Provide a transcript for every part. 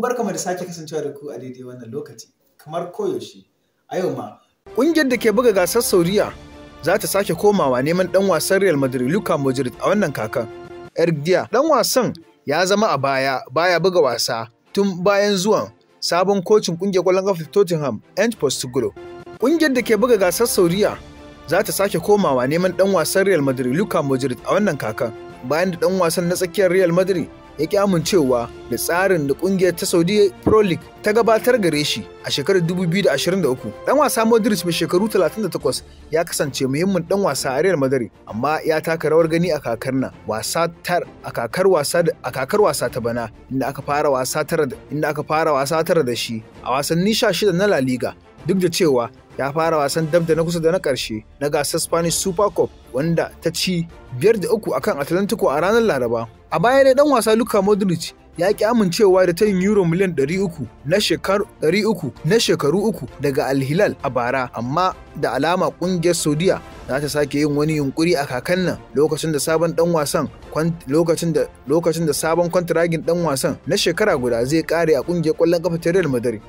Barkamu da sake kasancewa da ku a daidai wannan lokaci, kamar koyaushe, a yau ma. Ƙungiyar da ke buga gasar Sauriya za ta sake komawa neman ɗan wasan Real Madrid Luka Modric a wannan kakan. Eric Dia, ɗan wasan ya zama a baya, baya buga wasa tun bayan zuwan sabon kocin ƙungiyar ƙwallon ƙafa Tottenham, Ange Postecoglou. Ƙungiyar da ke buga gasar Sauriya za ta sake komawa neman ɗan wasan Real Madrid Luka Modric a wannan kakan. Bayan da ɗan wasan na tsakiyar Real Madrid ya ki amincewa da tsarin da ƙungiyar ta Saudi Pro League ta gabatar gare shi a shekarar 2023. Dan wasa Modric mai shekaru 38 ya kasance muhimmin dan wasa a Real Madrid amma ya taka rawar gani a kakar na wasa tar a kakar wasa a kakar wasa ta bana inda aka fara wasa tara inda aka fara wasa tara da shi a wasanni 16 na La Liga duk da cewa ya fara wasan dab da na kusa da na karshe na gasar Spanish Super Cup wanda ta ci 5 da 3 akan Atlantico a ranar Laraba. A baya dai ɗan wasa Luka Modric ya ki amincewa da tayin euro miliyan 300 na shekaru 300 na shekaru uku daga Al Hilal a bara amma da alama ƙungiyar Saudiya za ta sake yin wani yunkuri a kakan nan lokacin da sabon dan wasan lokacin da lokacin da sabon kwantiragin dan wasan na shekara guda zai kare a kungiyar kwallon kafa ta Real Madrid.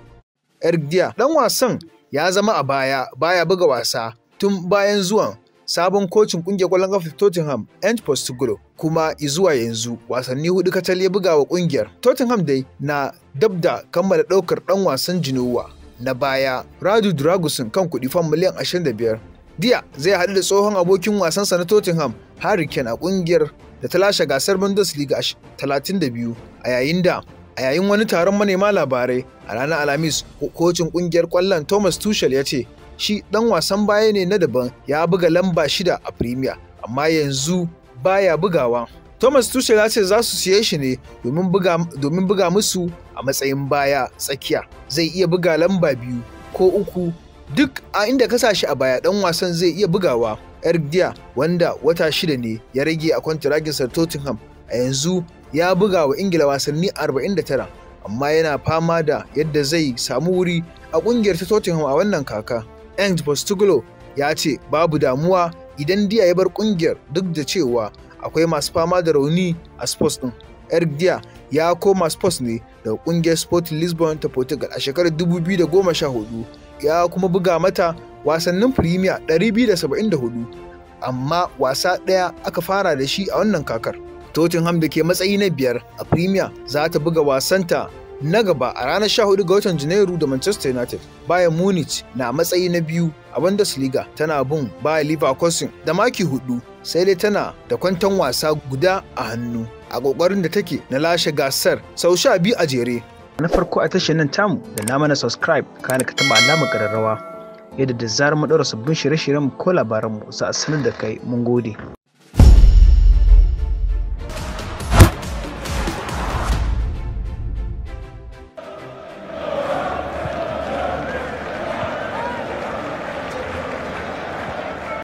Erdia dan wasan ya zama a baya baya buga wasa tun bayan zuwan sabon kocin kungiyar kwallon kafa Tottenham ent Postgro kuma zuwa yanzu wasanni hudu kacal ya buga wa kungiyar. Tottenham dai na dabda kammala ɗaukar ɗan wasan Genoa na baya Radu Dragusin kan kuɗi fan miliyan 25. Diya zai haɗu da tsohon abokin wasansa na Tottenham Harry Kane a kungiyar da ta lashe gasar Bundesliga 32 a yayin da a yayin wani taron manema labarai a ranar Alhamis kocin kungiyar kwallon Thomas Tuchel ya ce shi ɗan wasan baya ne na daban ya buga lamba shida a Premier amma yanzu baya bugawa. Thomas Tuchel ya ce za su siye shi ne domin buga musu a matsayin baya tsakiya zai iya buga lamba biyu ko uku duk a inda ka shi a baya ɗan wasan zai iya bugawa Eric Dier wanda wata shida ne ya rage a sa Tottenham a yanzu ya buga wa Ingila wasanni 49 amma yana fama da yadda zai samu wuri a kungiyar ta Tottenham a wannan kaka. Eng postiglo ya ce babu damuwa idan Diya ya bar kungiyar duk da cewa akwai masu fama da rauni a sports din. Eric Diya ya koma sports ne daga kungiyar Sport Lisbon ta Portugal a shekarar 2014 ya kuma buga mata wasannin Premier 274 amma wasa ɗaya aka fara da shi a wannan kakar. Tottenham da ke matsayi na biyar a Premier za ta buga wasanta na gaba a ranar 14 ga watan Janairu da Manchester United. Bayan Munich na matsayi na biyu a Bundesliga tana bin Bayer Leverkusen da maki hudu sai dai tana da kwanton wasa guda a hannu a kokarin da take na lashe gasar sau sha biyu a jere. Na farko a tashar nan tamu da na mana subscribe kana ka taba alamar kararrawa yadda da zarar mu sabbin shirye-shiryen ko labaranmu za a sanar da kai mun gode.